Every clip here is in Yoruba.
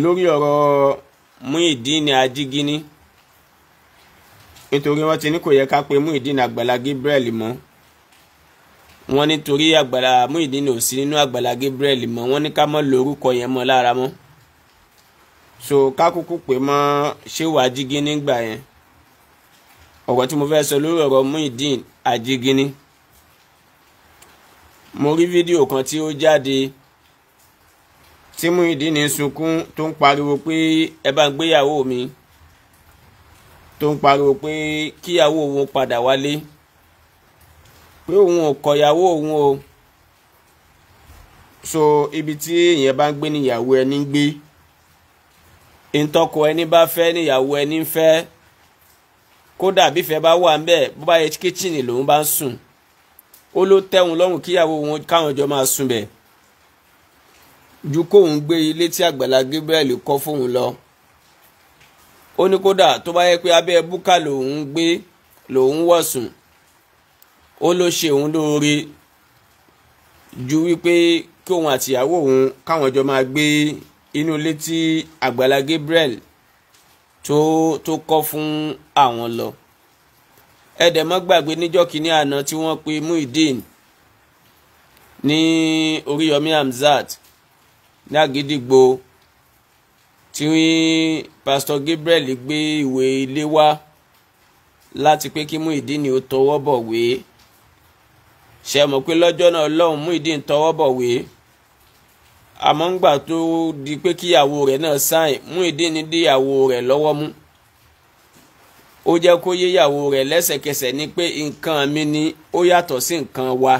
lórí ọ̀rọ̀ ni Ajígíní nítorí wọ́n ti ní kò yẹ ká pe Muyideen Àgbàlá Gabriel mọ́ wọ́n nítorí Àgbàlá Muyideen ò sí nínú Àgbàlá Gabriel mọ́ wọ́n ní ká mọ́ lórúkọ yẹn mọ́ lára mọ́ so ká kúkú pè mọ́ Shehu Ajígíní nígbà yẹn ọ̀rọ̀ tí mo fẹ́ sọ lórí ọ̀rọ̀ Muyideen Ajígíní mo rí fídíò kan tí ó jáde tí Muyideen sunkún tó ń pariwo pé ẹ bá ń gbéyàwó mi tó ń pariwo pé kíyàwó òun padà wálé pé òun ò kọ̀yàwó òun o so ibi tí èèyàn bá ń gbé níyàwó ẹni ń gbé ìtọ́kọ ẹni bá fẹ́ níyàwó ẹni ń fẹ́ kódà bífẹ́ bá wà ń bẹ̀ bó bá yẹ kíchìnì lòun bá ń sùn ó ló tẹ́hun lọ́rùn kíyàwó òun káwọn jọ máa sùn bẹ́ẹ̀ ju kóun gbé ilé tí àgbàlá Gabriel kọ́ fóun lọ ó ní kódà tó bá yẹ pé abẹ́ búkà lòun gbé lòun wọ̀sùn ó ló ṣe òun lóore ju wípé kí òun àtìyàwó òun káwọn jọ máa gbé inú ilé tí àgbàlá Gabriel tó tó kọ́ fún àwọn lọ ẹ̀dẹ̀mọ́ gbàgbé níjọ́ kìíní àná tí wọ́n pe Muideen ní Oríyọmí Hamzat ní Àgídìgbò tí Pastor Gabriel gbé ìwé ilé wá láti pé kí Muyideen ó tọwọ́ bọ̀wé ṣe mọ̀ pé lọ́jọ́ náà lọ́hùn Muyideen tọwọ́ bọ̀wé àmọ́ ń gbà tó di pé kíyàwó rẹ̀ náà sáìn Muyideen díyàwó rẹ̀ lọ́wọ́ mú ó jẹ́ kó yéyàwó rẹ̀ lẹ́sẹ̀kẹsẹ̀ ni pé nǹkan mi ni ó yàtọ̀ sí nǹkan wa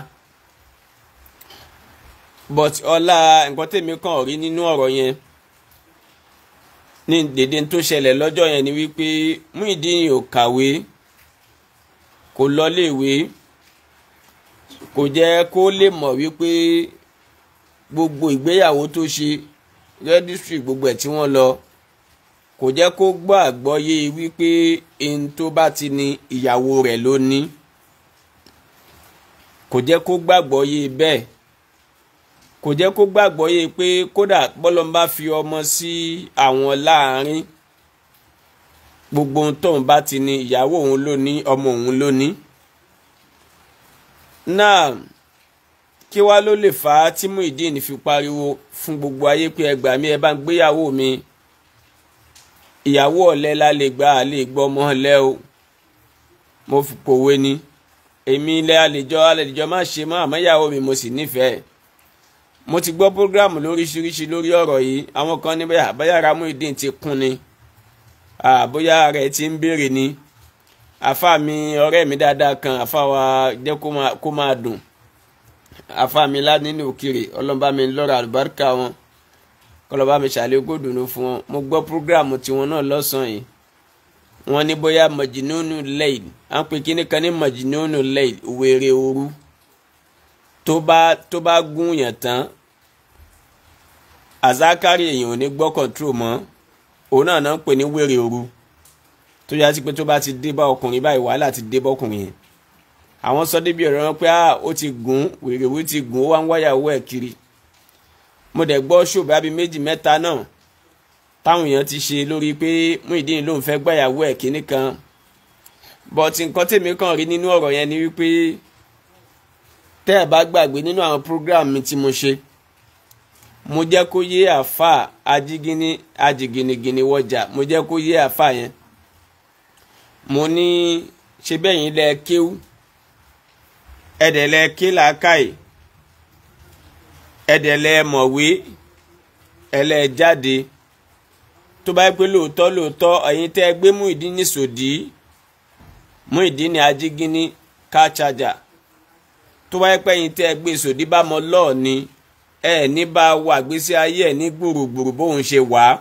but ọlá nǹkan tèmi kàn rí nínú ọ̀rọ̀ yẹn ní dèdè tó ṣẹlẹ̀ lọ́jọ́ yẹn ni wípé Muyideen ò kàwé kò lọ́léèwé kò jẹ́ kó lè mọ̀ wípé gbogbo ìgbéyàwó tó ṣe rẹ́díṣì gbogbo ẹ̀ tí wọ́n lọ kò jẹ́ kó gbọ́ àgbọ́yé wípé ẹni tó bá ti ní ìyàwó rẹ̀ ló kò jẹ́ kó gbàgbọ́ bẹ́ẹ̀ kò jẹ́ kó gbàgbọ́ yé pé kódà bọ́lọ́n bá fi ọmọ sí àwọn láàrin gbogbo ohun tóun bá ti ní ìyàwó òun ló ní ọmọ òun ló ní. náà kí wá ló lè fà á tí Muyideen fi pariwo fún gbogbo ayé pé ẹ gbà ẹ bá ń gbéyàwó mi ìyàwó ọ̀lẹ la lè gbà á lè gbọ́ ọmọ ọ̀lẹ o mo fi pòwe ni èmi ilẹ̀ àlejò àlejò má ṣe mọ́ àmọ́ ìyàwó mi mo sì nífẹ̀ẹ́ mo ti gbọ́ program lóríṣiríṣi lórí ọ̀rọ̀ yìí àwọn kan ní bẹ́ẹ̀ àbáyá Ramuideen ti kún ni àbóyá rẹ̀ ti ń béèrè ni àfa mi ọ̀rẹ́ mi dáadáa kan àfa wa jẹ́ kó máa dùn àfa mi lánìlú òkèrè ọlọ́ba mi lọ́rọ̀ àlùbáríkà wọn kọlọ́ba mi ṣàlékò dùnú fún wọn mo gbọ́ program tiwọn náà lọ́sàn-án yìí wọ́n ní bóyá mọ̀jìnnú lẹ́yìn à ń pè kíní kan ní mọ̀jìnnú lẹ́yìn wèrè tó bá tó bá gún yàn tán àzákárì èèyàn ò ní gbọ́ kọ̀ǹtró mọ́ òun náà náà ń pè ní wèrè òru tó yá sí pé tó bá ti dé bá ọkùnrin báyìí wàhálà ti dé bọ́kùnrin yẹn àwọn sọ débi ọ̀rọ̀ wọn pé ah ó ti gùn wèrè òru ti gùn ó wá ń wáyàwó ẹ̀ kiri mo dẹ̀ gbọ́ ṣòbá bíi méjì mẹ́ta náà táwọn èèyàn ti ṣe lórí pé Muyideen ló fẹ́ gbàyàwó ẹ̀ kíní kan bọ̀tì nǹkan tèmi kàn rí nínú ọ̀rọ̀ yẹn ni wípé tẹ́ ẹ̀ bá gbàgbé nínú àwọn program mi tí mo ṣe mo jẹ́ kó yé àfà ajígíní ajìgìnìgìnì wọjà mo jẹ́ kó yé àfà yẹn mo ní ṣe bẹ́yìn lẹ kéwú ẹ̀dẹ̀ lẹ ké làákàyè ẹ̀dẹ̀ lẹ mọ̀wé ẹ̀lẹ́ jáde tó bá pé lóòótọ́ lóòótọ́ ẹ̀yin tẹ́ gbé Muyideen Sòdí Muyideen Ajígíní car charger tó wáyé pẹ́yìn tẹ́ ẹ gbé sòdí bá mọ lọ́ọ̀ ni ẹ ní bá wà gbésí ayé ẹ ní gbùrùgbùrù bóun ṣe wà á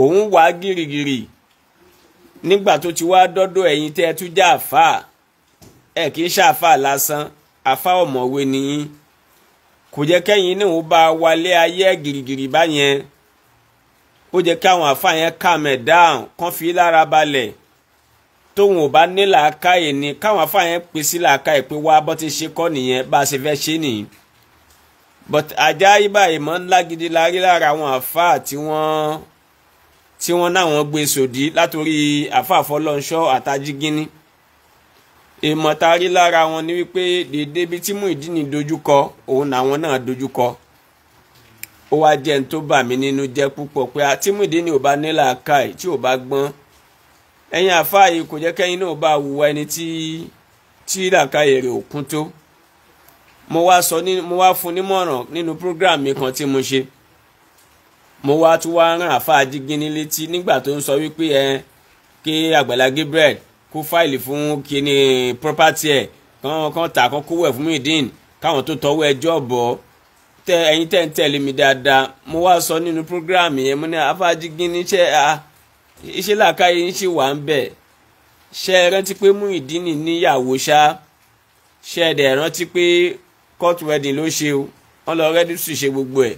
òun wà á gírígírí nígbà tó ti wá dọ́dọ̀ ẹ̀yin tẹ́ ẹ tún já àfà ẹ kì í ṣàfà lásán àfà ọ̀mọ̀wé nìyí kò jẹ́ kẹ́yìn náà ó bá wálé ayé gírígírí báyẹn ó jẹ́ káwọn àfà yẹn calm down kán fi lára balẹ̀ tóun ò bá ní làákàyè ni káwọn afáyẹn pè sí làákàyè pé wá bó ti ṣe kọ́ nìyẹn bá a ṣe fẹ́ ṣe nìyí but ajá ibàyè mọ́ ńlá gidi la rí lára àwọn àfáà tí wọ́n tí wọ́n náwọn gbé sòdí látòrí àfáà Fọlọ́nṣọ́ àtàjígínní ìmọ̀ tá a rí lára wọn ni wípé dèdè ibi tí Muyideen dojúkọ òun làwọn náà dojúkọ ó wá jẹ́ ní tó bà mí nínú jẹ́ púpọ̀ pé àti Muyideen ò bá ní làákàyè tí ò bá gbọ́n ẹ̀yin àfáà yìí kò jẹ́ kẹ́yìn náà bá wùwá ẹni tí tí làkàyè rẹ̀ ò kún tó mo wá sọ ní mo wá fún nímọ̀ràn nínú program mi kan tí mo ṣe mo wá tún wá rán àfáà Jígínní létí nígbà tó ń sọ wípé ẹ kí Àgbàlá Gabriel kó fáìlì fún kíní property ẹ̀ kán kán tà kán kówó ẹ̀ fún Muyideen káwọn tó tọwọ́ ẹjọ́ bọ̀ tẹ ẹ̀yin tẹ́ ń tẹ̀lé mi dáadáa mo wá sọ nínú program yẹn mo ní àfáà Jígínní ṣe à. Ah, iṣẹ́ làákàyè ń ṣe wà ń bẹ̀ ṣe é rántí pé Muyideen níyàwó ṣá ṣe é dẹ̀ rántí pé court wedding ló ṣe o wọ́n lọ rẹ́díṣù ṣe gbogbo ẹ̀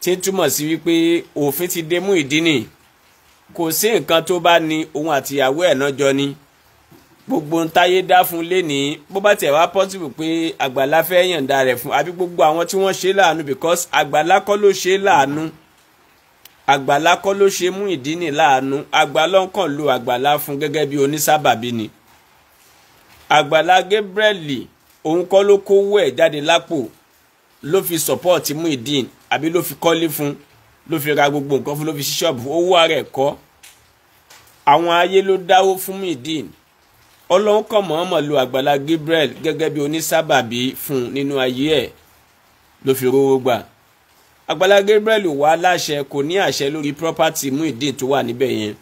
tí ń túmọ̀ sí wípé òfin ti dé Muyideen kò sí nǹkan tó bá ní òun àtìyàwó ẹ̀ náà jọ ni gbogbo ntáyé dá fún lẹ́ni bó bá tẹ̀ wá pọ́sibù pé àgbàlá fẹ́ yàǹda rẹ̀ fún àbí gbogbo àwọn tí wọ́n ṣe láàánú because àgbàlá kọ́ ló ṣe láàánú àgbàlá kọ́ ló ṣe Muyideen láàánú àgbàlá kàn lo àgbàlá fún gẹ́gẹ́ bí onísábàbí ni àgbàlá Gabriel òun kọ́ ló kówó ẹ̀ jáde lápò ló fi sọ́pọ́ọ̀tì Muyideen àbí ló fi kọ́lé fún ló fi ra gbogbo nǹkan fún ló fi ṣí ṣọ́ọ̀bù owó ara ẹ̀ kọ́ àwọn ayé ló dáwó fún Muyideen ọlọ́run kàn mọ̀ọ́mọ̀ lo àgbàlá Gabriel gẹ́gẹ́ bí onísábàbí fún nínú ayé ẹ̀ ló fi rówó gbà. Agbala Gabriel wà láṣẹ kò ní àṣẹ lórí property Muyideen tó wà níbẹ̀ yẹn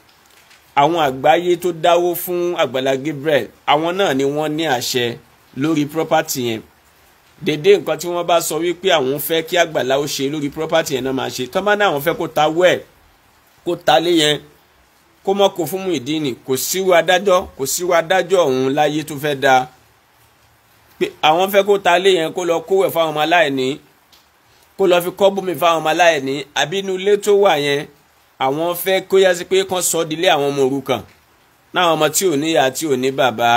àwọn àgbáyé tó dáwó fún Agbala Gabriel àwọn náà ni wọ́n ní àṣẹ lórí property yẹn dédé nǹkan tí wọ́n bá sọ wípé àwọn fẹ́ kí Agbala ó ṣe lórí property yẹn náà máa ṣe tọ́ bá ní àwọn fẹ́ kó ta wẹ́ẹ̀ kó ta lé yẹn kó mọ́ kó fún Muyideen ni kò síwú adájọ́ kò síwú adájọ́ ọ̀hún láyé tó fẹ́ da àwọn fẹ́ kó ta lé yẹn kó lọ kówẹ̀ fáwọn ọmọ aláìní kó lọ́ọ́ fi kọ́ bómi fáwọn ọmọ aláìní àbí inú ilé tó wà yẹn àwọn fẹ́ kó yá sí pé kán sọ dílé àwọn ọmọ òrukàn náà ọmọ tí ò ní ìyá tí ò ní bàbá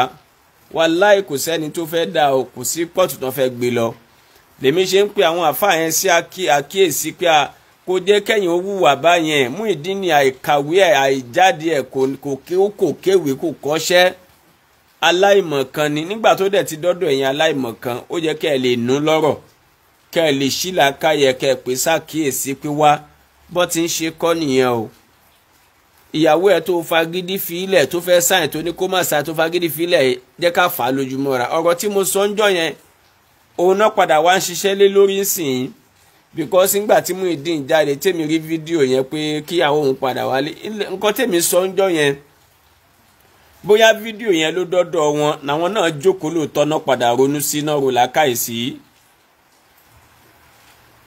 wàláì kò sẹ́ni tó fẹ́ dà o kò sí pọ́ọ̀tù tán fẹ́ gbé lọ lèmi ṣe ń pe àwọn àfáà yẹn sí àkíyèsí pé kò jẹ́ kẹ́yìn owó wà báyẹn mú ìdí ni àìkàwé ẹ̀ àìjáde ẹ̀ kò kéwèé kò kọ́ṣẹ́ aláìmọ̀kan ni nígbà tó dẹ̀ ti dọ́dọ̀ ẹ̀yin aláìmọ̀kan ó yẹ kẹ́ ẹ lè nú lọ́rọ̀ kẹ́ ẹ lè ṣí làákàyè kẹ́ ẹ pè ṣàkíyèsí pé wá bọ́ ti ń ṣe kọ́ nìyẹn o ìyàwó ẹ tó fagídí filẹ̀ tó fẹ́ sáyìn tó ní kó má sáyìn tó fagídí filẹ̀ jẹ́ ká fà á lójúmọ́ ra ọ̀rọ̀ tí mo sọ ń jọ yẹn òun náà padà wá ń ṣiṣẹ́ lé lórí sìn because ńgbà tí mo ìdí ìjáde tèmi rí fídíò yẹn pé kí àwọn òun padà wálé nǹkan tèmi sọ ń jọ yẹn bóyá fídíò yẹn ló dọ́dọ̀ wọn làwọn náà jókòó lóòótọ́ náà padà ronú sí náà rò lákàyèsí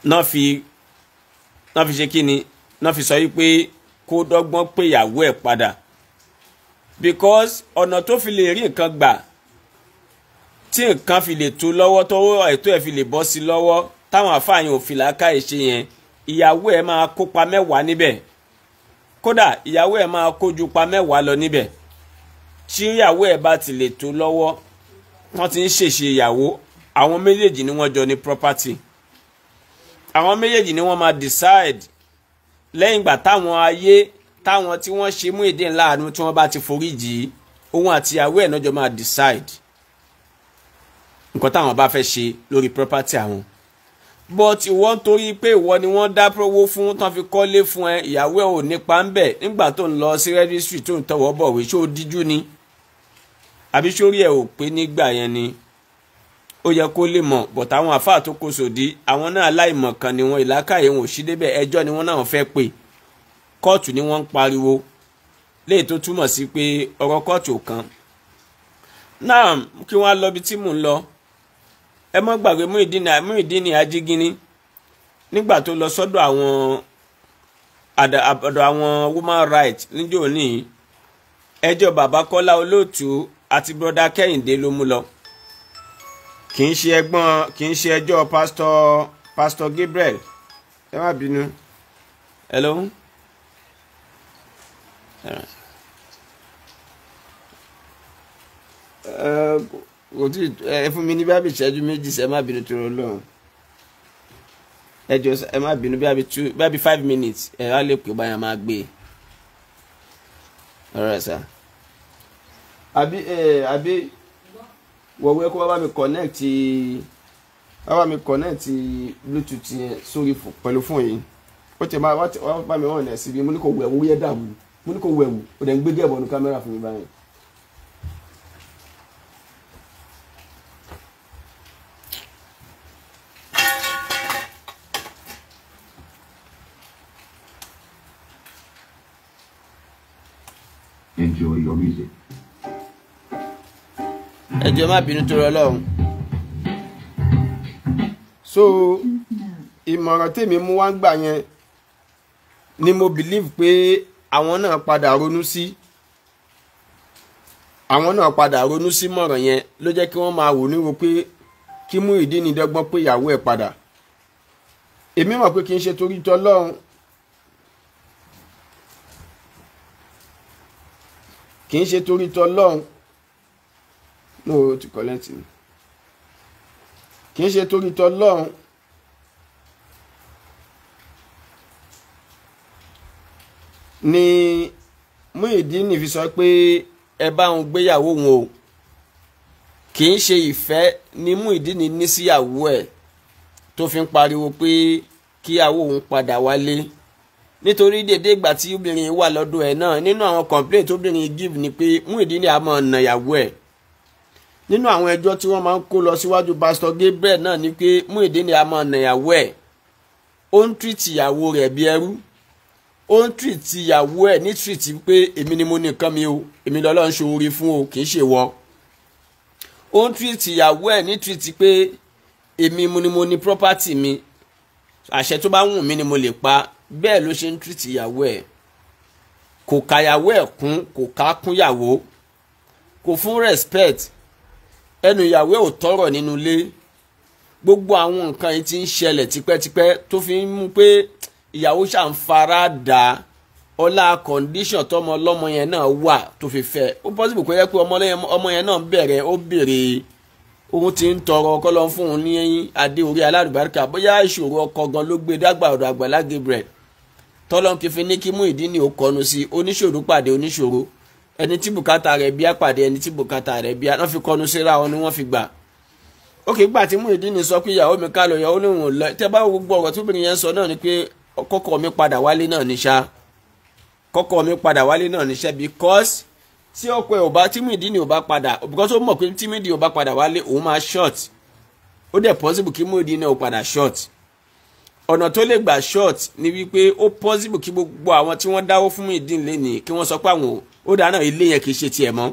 náà fi náà fi ṣe kí ni náà fi sọ yìí pé kó dọ́gbọ́n pé ìyàwó ẹ̀ padà because ọ̀nà tó fi lè rí nǹkan gbà tí nǹkan fi lè tó lọ́wọ́ tọ́wọ́ ẹ̀tọ́ ẹ̀ fi lè bọ́ sí lọ́wọ́ táwọn àfààyàn òfin làákà ìṣe yẹn ìyàwó ẹ̀ máa kópa mẹ́wàá níbẹ̀ kódà ìyàwó ẹ̀ máa kójú pa mẹ́wàá lọ níbẹ̀ tí ìyàwó ẹ̀ bá ti lè tó lọ́wọ́ wọ́n ti ń ṣèṣe ìyàwó àwọn méjèèjì ni wọ́n jọ ní property àwọn méjèèjì ni wọ́n máa decide lẹ́yìn ìgbà táwọn ayé táwọn tí wọ́n ṣe mú èdè ńlá àánú tí wọ́n bá ti forí jì í òun àti ìyàwó ẹ̀ náà jọ máa decide nǹkan táwọn bá fẹ́ ṣe lórí property àwọn but ìwọ nítorí pé ìwọ ni wọ́n dá prowó fún tán fi kọ́lé fún ẹ ìyàwó ẹ̀ ò nípa ń bẹ̀ nígbà tó ń lọ sí registry tó ń tọwọ́ bọ̀wé ṣó díjú ni àbí sórí ẹ̀ ò pé nígbà yẹn ni ó yẹ kó lè mọ̀ bọ̀ táwọn àfáà tó kó sòdí àwọn náà aláìmọ̀ kan ni wọ́n ìlàkàyè wọn ò sí débẹ̀ ẹjọ́ ni wọ́n náà fẹ́ pè kóòtù ni wọ́n ń pariwo léyìí tó túmọ̀ sí pé ọ̀rọ̀ kóòtù ò kan náà kí wọ́n á lọ ibi tí mò ń lọ ẹ mọ́ gbàgbé Muyideen Ajígínní nígbà tó lọ sọ́dọ̀ àwọn àdọ̀ àwọn woman rights níjọ́ ní ẹjọ́ bàbá Kọ́lá Olóòtú àti broda Kẹ́hìndé ló mú lọ kì í ṣe ẹgbọ́n kì í ṣe ẹjọ́ pásítọ̀ pásítọ̀ Gabriel ẹ má bínú hello kò tí ẹ fún mi ní bábí ìṣẹ́jú méjì sẹ́ má bínú tó lọ́hùn ẹ jọ ẹ má bínú bábí two bábí five minutes ẹ á lè pè báyà máa gbé ọ̀rọ̀ ẹ̀ sá àbí ẹ̀ àbí wọ̀wé kó bá mi connect bá mi connect bluetooth yẹn sórí pẹ̀lú fóònù yìí ó ti máa wọ́n bá mi wọ̀n síbi mo ní kò wẹ̀wù yẹ dààmú mo ní kò wẹ̀wù ó dẹ̀ ń gbé díẹ̀ bọ̀nu kámẹ́rà fún mi báyìí. Enjoy your music ẹ jọ̀ọ́ má bínú tó rọlọ́run so ìmọ̀ràn tèmi mú wá ń gbà yẹn ni mo believe pé àwọn náà padà ronú sí àwọn náà padà ronú sí mọ̀ràn yẹn ló jẹ́ kí wọ́n máa wò níwò pé kí mú ìdí ni dọ́gbọ́n pé ìyàwó ẹ̀ padà èmi mọ̀ pé kì í ṣe torí tọ́lọ́run kì í ṣe torí tọ́lọ́run no to collect ni kì í ṣe torí tọlọ́run ni Muyideen fi sọ pé ẹ bá òun gbéyàwó òun o kì í ṣe ìfẹ́ ni Muyideen ní síyàwó ẹ̀ tó fi ń pariwo pé kíyàwó òun padà wálé nítorí dédé ìgbà tí obìnrin wà lọ́dọ̀ ẹ̀ náà nínú àwọn complaint obìnrin give ni pé Muyideen a máa nà ìyàwó ẹ̀ nínú àwọn ẹjọ́ tí wọ́n máa ń kó lọ síwájú pásítọ̀ Gabriel náà ni pé Muyideen a máa nàyàwó ẹ̀ ó ń tìrìtì ìyàwó rẹ̀ bí ẹrú ó ń tìrìtì ìyàwó ẹ̀ ní tìrìtì pé èmi ni mo nìkan mi o èmi lọ́lọ́ ń ṣoore fún o kì í ṣe wọ ó ń tìrìtì ìyàwó ẹ̀ ní tìrìtì pé èmi ni mo ní property mi àṣẹ tó bá wù mí ni mo lè pa bẹ́ẹ̀ ló ṣe ń tìrìtì ìyàwó ẹ̀ kò kàyàwó ẹ̀ kún kò ká kúnyàwó kò fún respect ẹnu ìyàwó ẹ̀ ò tọrọ nínú ilé gbogbo àwọn nǹkan yìí ti ń ṣẹlẹ̀ tipẹ́tipẹ́ tó fi ń mú pé ìyàwó ṣà ń fara dà ọlá kọ̀ǹdíṣàn tọmọ ọlọ́mọ yẹn náà wà tó fi fẹ́ ó pọ́sibù kó yẹ pé ọmọ yẹn náà bẹ̀rẹ̀ ó béèrè òun ti ń tọrọ kọ́lọ́ fún un ní adé orí aládùbáríkà bóyá ìṣòro ọkọ gan ló gbé dágbà ọ̀dọ̀ Àgbàlá Gabriel ní kí mú ìdí ni ó kọnu sí oníṣòro pàdé oníṣòro ẹni tí bùkátà rẹ̀ bíá pàdé ẹni tí bùkátà rẹ̀ bíá wọ́n fi kọnu síra wọn ni wọ́n fi gbà ó kì í gbà tí Muyideen sọ pé ìyàwó mi ká lọ ìyàwó lòun ò lọ tẹ́ bá gbogbo ọ̀rọ̀ tóbìnrin yẹn sọ náà ni pé kọ́kọ́ mi padà wálé náà ní kọ́kọ́ mi padà wálé náà ní because tí ọ̀pẹ ò bá tí Muyideen ò bá padà because ó mọ̀ pé tí Muyideen ò bá padà wálé òun máa short ó dẹ̀ possible kí Muyideen ò padà short ọ̀nà tó lè gbà short ni wípé ó possible kí gbogbo àwọn tí wọ́n dáwó fún Muyideen lẹ́nìí kí wọ́n sọ pé àwọn ó dáná ilé yẹn kì í ṣe tiẹ̀ mọ́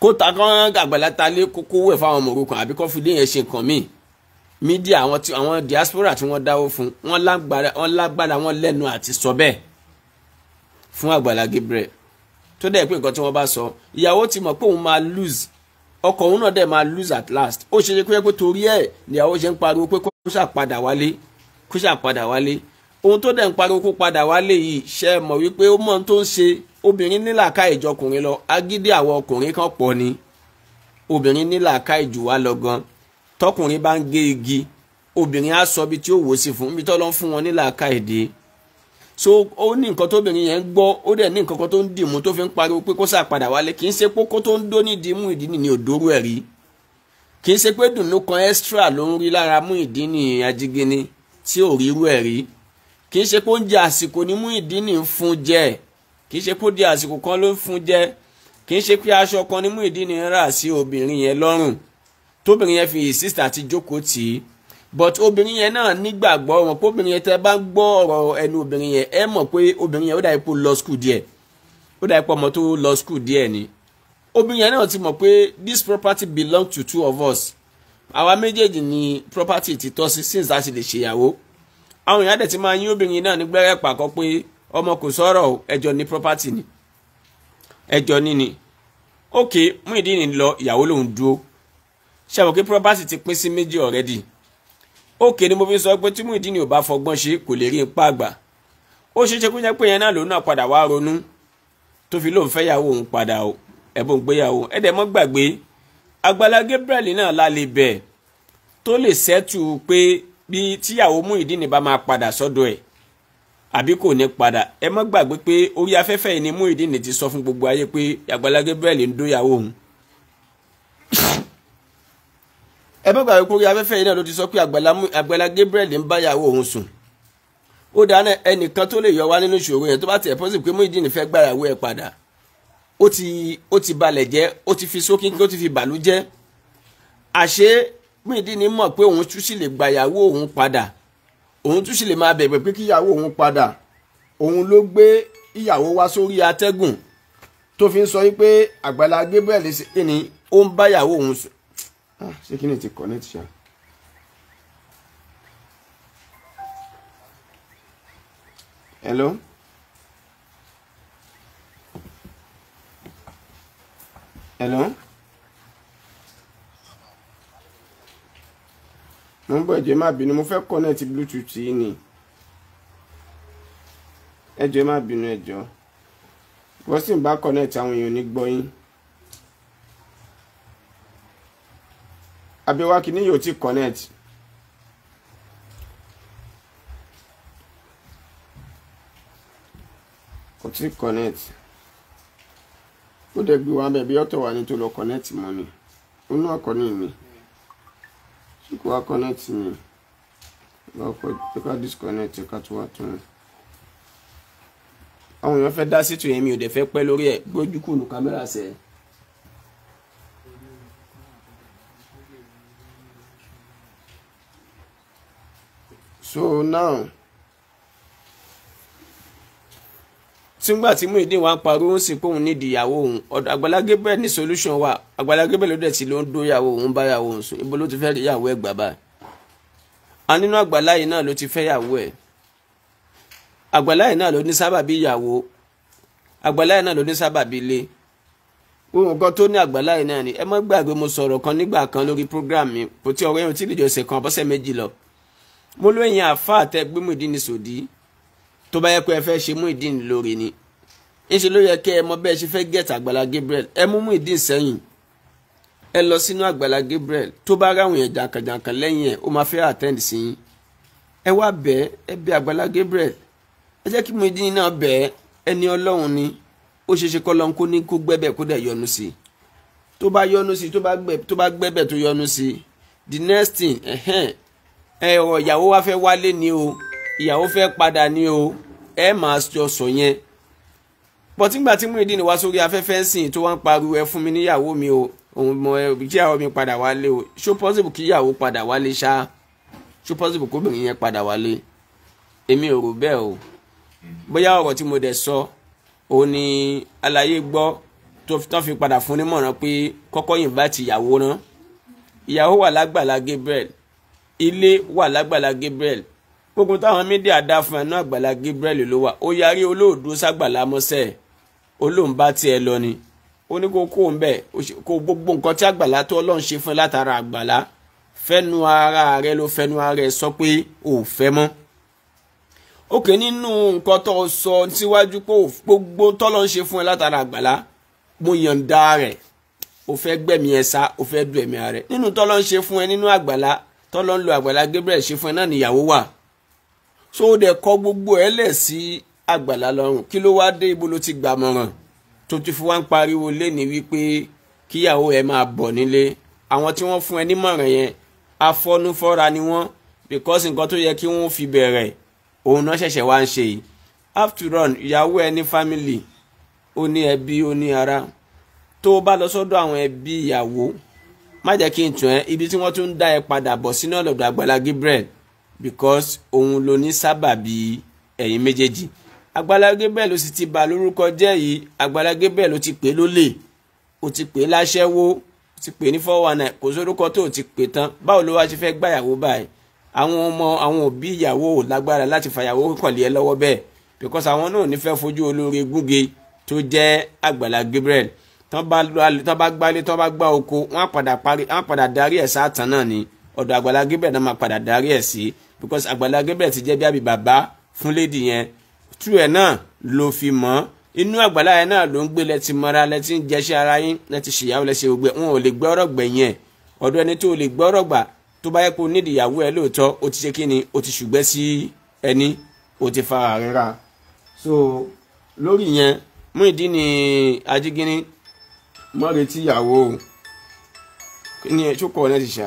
kó ta kán gàgbàlá ta lé kókó wẹ̀ fáwọn ọmọ òrukàn àbí kó fi ilé yẹn ṣe nǹkan míì mídíà àwọn diaspora tí wọ́n dáwó fún wọ́n lágbára wọ́n lágbára wọ́n lẹ́nu àti sọ bẹ́ẹ̀ fún Àgbàlá Gabriel tó dẹ̀ pé nǹkan tí wọ́n bá sọ ìyàwó ti mọ̀ pé òun máa lose ọkọ òun náà dẹ̀ máa lose at last ó ṣe é pé torí ẹ̀ níyàwó ṣe ń pariwo pé kó ṣàpadà wálé kó ṣàpadà wálé ohun tó dẹ̀ ń pariwo kó padà wálé yìí ṣe mọ̀ wípé ó mọ̀ tó ń ṣe obìnrin ní làákàyè ìjọkùnrin lọ agídí àwọn ọkùnrin kan pọ̀ ni obìnrin ní làákàyè jù wá lọ gan tọkùnrin bá ń gé igi obìnrin á sọ ibi tí ó wò sí fún ibi tó lọ fún wọn ní làákàyè dé so ó ní nǹkan tóbìnrin yẹn ń gbọ́ ó dẹ̀ ní nǹkan kan tó ń dìmú tó fi ń pariwo pé kó sà padà wálé kì í ṣe pé kó tó ń dó ní dìímú ìdí òdòrú ẹ̀ rí kì í ṣe pé dùnú kan extra ló ń rí lára mú ìdí nìyí tí ò rí irú ẹ̀ rí kì í ṣe pé oúnjẹ àsìkò ni Muyideen ń fún jẹ kì í ṣe pé ó di àsìkò kan ló ń fún jẹ kì í ṣe pé aṣọ kan ni Muyideen ń rà sí obìnrin yẹn lọ́rùn tóbìnrin yẹn fi insist àti jókòó tì í but obìnrin yẹn náà nígbàgbọ́ wọn pé obìnrin yẹn tẹ́ bá ń gbọ́ ọ̀rọ̀ ẹnu obìnrin yẹn ẹ mọ̀ pé obìnrin yẹn ó dà ipò lọ skul díẹ̀ ó dà ipò ọmọ tó lọ skul díẹ̀ ni obìnrin yẹn náà ti mọ̀ pé this property belong to two of us àwa méjèèjì ni property ti tọ́ sí since a ti lè ṣèyàwó àwọn èèyàn dẹ̀ ti máa yín obìnrin náà ní gbẹ́rẹ́ pàkọ́ pé ọmọ kò sọ̀rọ̀ o ẹjọ́ ní property ni ẹjọ́ ní ni ok Muyideen ń lọ ìyàwó lòún dúró ṣàwọn pé property ti pín sí méjì already ok ni mo fi sọ pé tí Muyideen ò bá fọgbọ́n ṣe kò lè rí ipa àgbà ó ṣeé ṣe kó jẹ́ pé yẹn náà lòun náà padà wá ronú tó fi lóun fẹ́ yàwó òun padà o ẹ̀bùn gbéyàwó ẹ̀dẹ̀ mọ́ gbàgbé Agbala Gabriel náà lálẹ́ bẹ̀ tó lè sẹ́tù pé bí tíyàwó Muyideen bá máa padà sọ́dọ̀ ẹ̀ àbí kò ní padà ẹ má gbàgbé pé orí afẹ́fẹ́ yìí ni Muyideen ti sọ fún gbogbo ayé pé Agbala Gabriel ń dóyàwó òun ẹ má gbàgbé pé orí afẹ́fẹ́ yìí náà ló ti sọ pé Agbala Gabriel ń báyàwó òun sùn ó dáná ẹnìkan tó lè yọ wá nínú ìṣòro yẹn tó bá tẹ̀ pọ́sì pé Muyideen fẹ́ gbàyàwó ẹ̀ padà ó ti ó ti balẹ̀ jẹ́ ó ti fi sókínkín ó ti fi bàlú jẹ́ àṣé Muyideen mọ̀ pé òun tún sì lè gbàyàwó òun padà òun tún sì lè máa bẹ̀bẹ̀ pé kíyàwó òun padà òun ló gbé ìyàwó wá sórí atẹ́gùn tó fi ń sọ wípé Àgbàlá Gabriel ṣe kí ni ó ń báyàwó òun sùn. Ah, ṣé kí ni ti connect ṣá. hello. hello. mo ń bọ̀ ẹ jọ̀ọ́ ẹ má bínú mo fẹ́ connect bluetooth yìí ni ẹ jọ̀ọ́ ẹ má bínú ẹ jọ̀ọ́ wọ́n sì ń bá connect àwọn èèyàn ní gbọ́yìn abẹ́wá kìíní yóò ti connect. kò tí connect ó dẹ̀ gbé wa bẹ̀ bí ọ̀tọ̀ wà ní tó lọ connect mọ́ ni ó náà kọ́ ní mi tí kò connect mi lọ́kọ̀ tó disconnect ká tó wá tún àwọn èèyàn fẹ́ dá sítò yẹn mi ò dẹ̀ fẹ́ pẹ́ lórí ẹ̀ gbójú kùnú kámẹ́rà sẹ́ẹ̀. So now túngbà tí Muyideen wa ń pariwo ń sìnkú òun nídìí ìyàwó òun ọ̀dọ̀ Agbala Gabriel ní solution wa Agbala Gabriel ló dẹ̀ ti ló ń dó ìyàwó òun bá ìyàwó òun sùn ibo ló ti fẹ́ rí ìyàwó ẹ̀ gbà báyìí. a nínú Agbala yìí náà ló ti fẹ́ ìyàwó ẹ̀ Agbala yìí náà ló ní sábàbí ìyàwó Agbala yìí náà ló ní sábàbí ilé ohun kan tó ní Agbala yìí náà ni ẹ má gbàgbé mo sọ̀rọ̀ kan nígbà kan lórí program ni ńṣe ló yẹ kí ẹ mọ bẹ́ẹ̀ ṣe fẹ́ gẹ̀ẹ́tì àgbàlá Gabriel ẹ mú mú ìdí ìsẹ́yìn ẹ lọ sínú àgbàlá Gabriel tó bá ráwọn yẹn jàǹkànjàǹkàn lẹ́yìn ẹ̀ ó máa fẹ́ àtẹ́ǹd sí yín ẹ wá bẹ́ẹ̀ ẹ bẹ àgbàlá Gabriel ẹ jẹ́ kí Muyideen náà bẹ́ẹ̀ ẹni ọlọ́run ni ó ṣe ṣe kọ́lọ́n kó ní kó gbẹ́bẹ̀ kó dẹ̀ yọnu sí i tó bá yọnu sí i tó bá gbẹ́bẹ̀ the next thing ẹ̀hẹ́n ẹ ọ̀ ìyàwó wa fẹ́ wálé ni o ìyàwó fẹ́ padà ni o ẹ máa sọ sọ yẹn bọ̀tí gbà tí Muyideen wá sórí afẹ́fẹ́ sìn tó wá ń pariwo ẹ fún mi níyàwó mi o òun mọ ẹ kíyàwó mi padà wálé o ṣó possible kíyàwó padà wálé ṣá ṣó possible kóbìnrin yẹn padà wálé èmi ò rò bẹ́ẹ̀ o bóyá ọ̀rọ̀ tí mo dẹ̀ sọ òun ni aláyé gbọ́ tó fi padà fún nímọ̀ràn pé kọ́kọ́ yìnbá ti ìyàwó rán ìyàwó wà lágbàlá Gabriel ilé wà lágbàlá Gabriel gbogbo táwọn mídíà dá fún ẹ náà àgbàlá Gabriel ló wà ó yarí olóòdó ságbàlá mọ́sẹ̀ ẹ̀ olóhùn bá tiẹ̀ lọ ni ó ní kó kó ń bẹ̀ kó gbogbo nǹkan tí àgbàlá tó ọlọ́run ṣe fún látara àgbàlá fẹ́nu ara rẹ ló fẹ́nu ara rẹ sọ pé ò fẹ́ mọ́ òkè nínú nǹkan tó sọ síwájú pé gbogbo tọ́lọ́ ń ṣe fún ẹ látara àgbàlá mo yànda rẹ̀ o fẹ́ gbẹ̀mí ẹ sá o fẹ́ du ẹ̀mí rẹ̀ nínú tọ́lọ́ ń ṣe fún ẹ nínú àgbàlá tọ́lọ́ ń lo àgbàlá Gabriel ṣe fún ẹ náà níyàwó wà so ó dẹ̀ kọ gbogbo ẹ lẹ̀ sí àgbàlá lọ́rùn kí ló wáá dé ibo ló ti gbàmọ̀ràn tó ti fi wá ń pariwo léni wípé kíyàwó ẹ máa bọ̀ nílé àwọn tí wọ́n fún ẹ nímọ̀ràn yẹn afọ́nufọ́ra ni wọ́n because nǹkan tó yẹ kí wọ́n fi bẹ̀rẹ̀ òun náà ṣẹ̀ṣẹ̀ wá ń ṣe yìí after all ìyàwó ẹ ní family ó ní ẹbí ó ní ara tó o bá lọ sọ́dọ̀ àwọn ẹbí ìyàwó má jẹ́ kí n tún ẹ ibi tí wọ́n tún ń dá ẹ padà bọ̀ sínú ọ̀dọ̀ Àgbàlá Gabriel because òun ló ní sábàbí ẹ̀yin méjèèjì. Agbala Gabriel ló sì ti bà lórúkọ jẹ́ yìí Agbala Gabriel ló ti pè lólè ó ti pè láṣẹ́wó ó ti pè ní four one nine kò sórúkọ tó ti pè tán báwo ló wá ṣe fẹ́ gbàyàwó báyìí àwọn ọmọ àwọn òbí ìyàwó ò lágbára láti fàyàwó kọ̀lé ẹ lọ́wọ́ bẹ́ẹ̀ because àwọn náà nífẹ̀ẹ́ fojú olóore gúnge tó jẹ́ Agbala Gabriel tán bá gbálé tán bá gbá oko wọ́n á padà darí ẹ̀ sáàtàn náà ni ọ̀dọ̀ Agbala Gabriel náà máa padà darí ẹ̀ sí because Agbala Gabriel ti jẹ́ bí àbí bàbá fún lady yẹn tú ẹ̀ náà ló fi mọ́ inú àgbàlá yẹn náà ló ń gbé lẹ́tì mọ́ra lẹ́tì ń jẹ́ṣẹ́ ara yín lẹ́tì ṣìyàwó lẹ́sẹ̀ gbogbo ẹ̀ wọn ò lè gbọ́rọ̀ gbẹ̀yìn ẹ̀ ọ̀dọ̀ ẹni tó lè gbọ́rọ̀ gbà tó bá yẹ kó nídìí ìyàwó ẹ lóòótọ́ ó ti ṣe kí ni ó ti ṣùgbẹ́ sí ẹni ó ti fa àríra so lórí yẹn mú ìdí ni ajígínní mọ́ retí ìyàwó ní ẹ̀ tó kọ̀ ọ́ náà ti ṣá.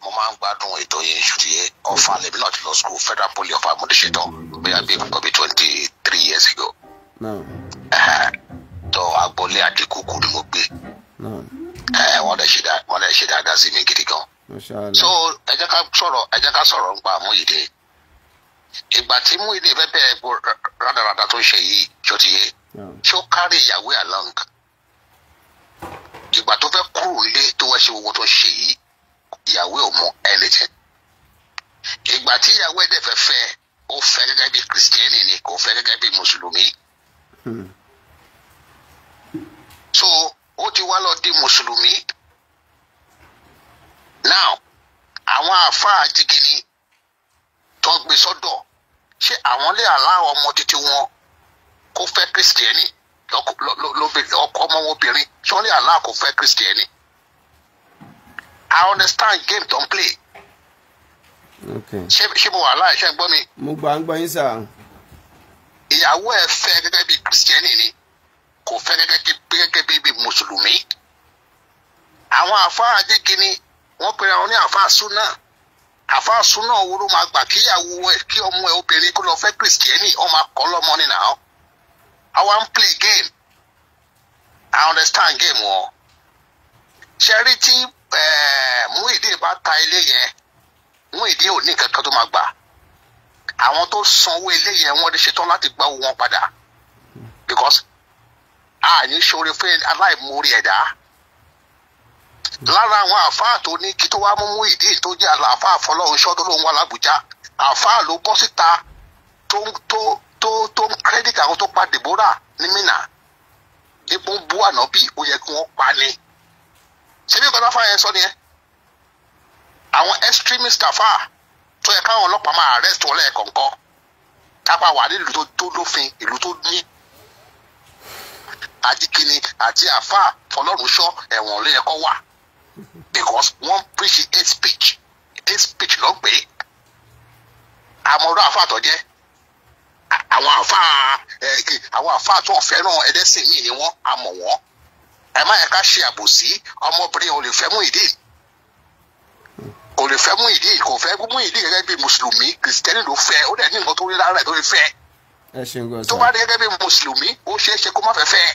mo máa ń gbádùn ètò yẹn ṣùtìyẹ ọ̀fà lèmi náà ti lọ school federal poly of amúnisẹ́tọ̀ bóyá bí nǹkan bíi twenty three years ago. tó agboolé àdínkùkù ni mo gbé wọ́n lè ṣe dáadáa sí mi gidi gan. so ẹ jẹ́ ká sọ̀rọ̀ ẹ jẹ́ ká sọ̀rọ̀ nípa Muyideen ìgbà tí Muyideen bẹ́ẹ̀ bẹ́ẹ̀ gbó rádaràda tó ń ṣe yìí ṣùtìyẹ ṣó kárí ìyàwó along ìgbà tó fẹ́ kúrò nílé tó wá ṣe gbogbo tó ń ṣe yìí ìyàwó ò mọ anything ìgbà tí ìyàwó ẹ̀ dẹ̀ fẹ́ fẹ́ ó fẹ́ gẹ́gẹ́ bí kìrìsìtẹ́nì ni kò fẹ́ gẹ́gẹ́ bí mùsùlùmí. Hmm. so ó ti wá lọ di mùsùlùmí now àwọn àáfàá jìgìní tó gbé sọ́dọ̀ ṣé àwọn lè aláwọ̀ ọmọ títí wọn kó fẹ́ kìrìsìtẹ́nì ọkọ ọmọ obìnrin ṣé wọ́n lè aláwọ̀ I understand game tó ń play. ṣé ṣé mo wà láì ṣe ń gbọ́ mi. mo gbà ń gbọ́ yín sà. ìyàwó ẹ fẹ́ gẹ́gẹ́ bí kìrìsìtẹ́nì ni kò fẹ́ gẹ́gẹ́ bí bí mùsùlùmí. àwọn àfáà adégini wọ́n pera wọn ní àfáà súnà àfáà súnà wo ló máa gbà kíyàwó ẹ kí ọmọ ẹ obìnrin kó lọ fẹ́ kìrìsìtẹ́nì ọmọ akọ́ lọ́mọ nínú àwọn. I wan play game. I understand game wọn. ṣe rí tí Eh, Muyideen bá ta ilé yẹn Muyideen ò ní nǹkan tó máa gbà àwọn tó sanwó ilé yẹn wọ́n lè ṣetán láti gba owó wọn padà because àní ṣoore fún aláìmoore ẹ̀dá lára àwọn àáfàá tó ní kí tó wá mú Muyideen tó jẹ́ àlàáfàá fọlọ́run ṣọ́dún lòun wà lábújá àáfàá ló bọ́ síta tó tó tó ń credit àwọn tó pa Deborah ní Minna ipò ń bú ànábì ó yẹ kí wọ́n pa ni ṣé bí fa tó fà yẹn sọ nìyẹn àwọn extremist afa tó yẹ káwọn ọlọ́pàá máa arrest wọn lẹ́ẹ̀kọ̀ọ̀kan kápá wà nílùú tó tó lófin ìlú tó ní àjíkìní àti afa fọlọ́runṣọ́ ẹ̀wọ̀n ló yẹ kó wà because wọ́n preach hate speech hate speech ló gbé àmọ́rọ́ afa tó jẹ́ àwọn afa eh, àwọn afa tó fẹ́ràn ẹlẹ́sìn míì ni wọ́n amọ̀ wọ́n ẹ má yẹ ká ṣe àbòsí ọmọbìnrin ò lè fẹ́ Muyideen kò lè fẹ́ Muyideen kò fẹ́ Muyideen gẹ́gẹ́ bí mùsùlùmí kìrìsìtẹ́nì ló fẹ́ ó dẹ̀ ní nǹkan tó rí lára ẹ̀ tó lè fẹ́ tó bá rí gẹ́gẹ́ bí mùsùlùmí ó ṣeé ṣe kó má fẹ́ fẹ́